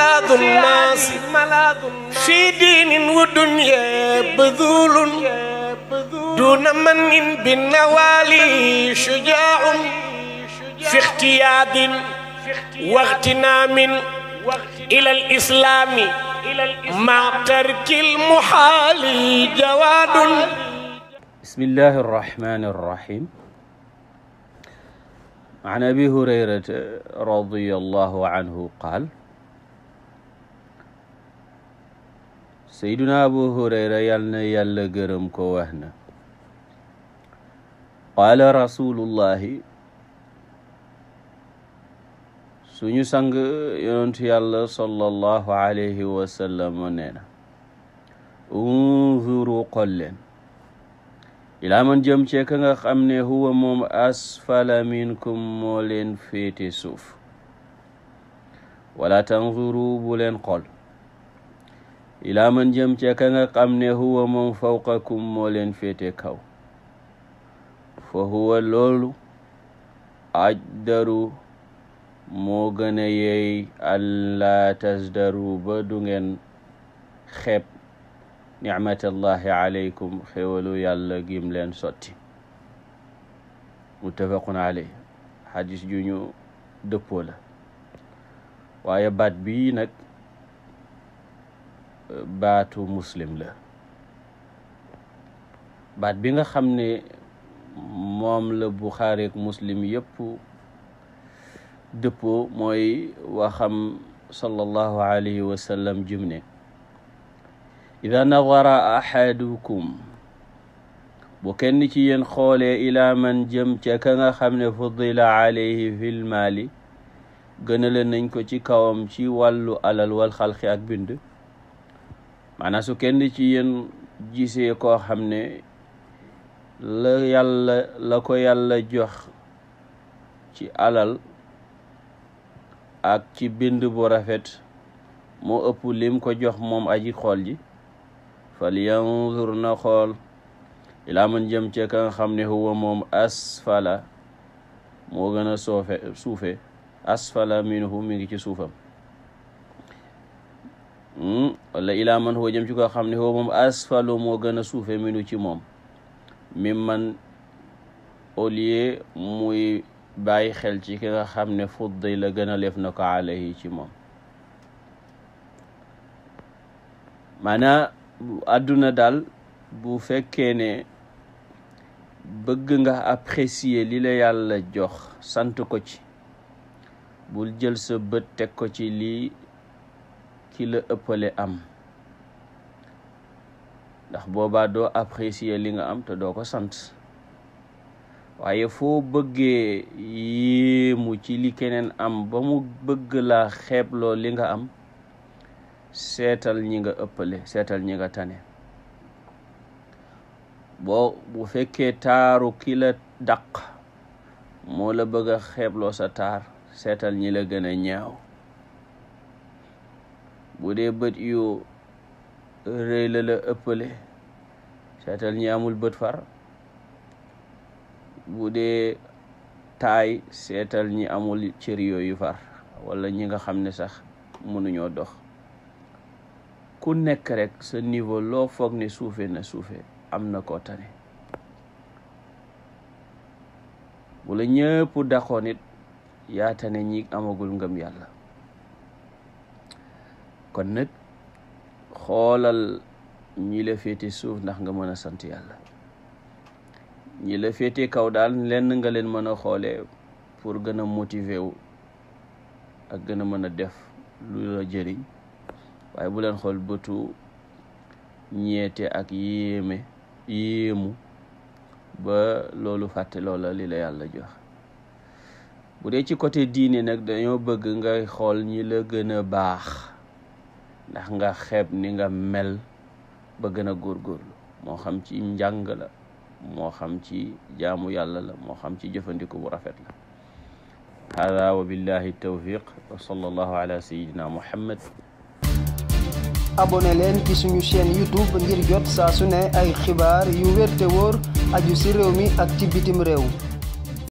ملاذ الناس في دين ودنيا بذول دون من بالنوالي شجاع في اختياد واغتنام إلى الإسلام مع ترك المحال جواد بسم الله الرحمن الرحيم عن أبي هريرة رضي الله عنه قال seyduna abu hurayra yal na yàlla gërëm ko wax na qaala rasulullahi suñu sang yonentu yàlla sallallahu alayhi wa sallam nee na unzuru xool leen ilaa man jëm cee ka nga ne huwa moom asfala minkum moo leen féete suuf wala tanzuru bu leen ilaa man jëm ca ka nga xam ne huwa moom fawqakum leen féete kaw fa huwa loolu ajdaru moo gën a yeey allaa tasdaru ba du ngeen xeeb nicmatallahi aleykum xéwalu yàlla gim leen sotti muttafaqun aleyh xadis ju ñu dëppoo baat bii nag baatu muslim la baat bi nga xam ne moom la buxaari ak muslim yëpp dëppoo mooy waxam sallallahu alayhi wa sallam jim na ida nadara ahadukum bu kenn ci yéen xoolee ilaa man jëm ca ka nga xam ne fudila alayhi fil maali gënale nañ ko ci kawam ci wàllu alal wal xalqi ak bind maanaam su kenn ci yéen gisee koo xam ne la yàlla la ko yàlla jox ci alal ak ci bind bu rafet moo ëpp lim ko jox moom aji xool ji fal yanzur na xool ilaa man jëm ca ka xam ne huwa moom asfala moo gën a suufe asfala minhu mi ngi ci suufam Hmm? wala ilaa man woo jëm ci koo xam ne huwa moom asfalu moo gën a minu ci moom mi man au lieu muy bàyyi xel ci ki nga xam ne fuddi la gën a lef na ko alayhi ci moom maanaa àdduna daal bu fekkee ne bëgg nga apprécier li la yàlla jox sant ko ci bul jël sa bët teg ko ci lii ki la ëppale am ndax boobaa doo apprécier li nga am te doo ko sant waaye foo bëgge yéemu ci li keneen am ba mu bëgg la xeebloo li nga am seetal ñi nga ëppale seetal ñi nga tane boo bu fekkee taaru ki la moo la bëgg a xeebloo sa taar seetal ñi la gën a ñaaw bu dee bët yu rëy la la ëppale seetal ñi amul bët far bu dee taay seetal ñi amul cër yu far wala ñi nga xam ne sax mënuñoo dox ku nekk rek sa niveau loo foog ne suufe na suufe am na koo tane wala ñëpp daxoon it yaa tane ñi amagul ngëm yàlla kon nag xoolal ñi la féete suuf ndax nga mën a sant yàlla ñi la féete kaw daal lenn nga leen mën a xoole pour gën a motiver wu ak gën a mën a def lu la jëriñ waaye bu leen xool bëtu ñeete ak yéeme yéemu ba loolu fàtte loola li la yàlla jox bu dee ci côté diine nag dañoo bëgg nga xool ñi la gën a baax ndax nga xeeb ni nga mel ba gën a góorgóorlu moo xam ci njàng la moo xam ci jaamu yàlla la moo xam ci jëfandiku bu rafet la hada wa billahi tawfiq wa sallallahu ala sayidina muhammad leen ci suñu chaîne youtube ngir jot saa su ne ay xibaar yu wér te wóor aju si réew mi ak ci bitim réew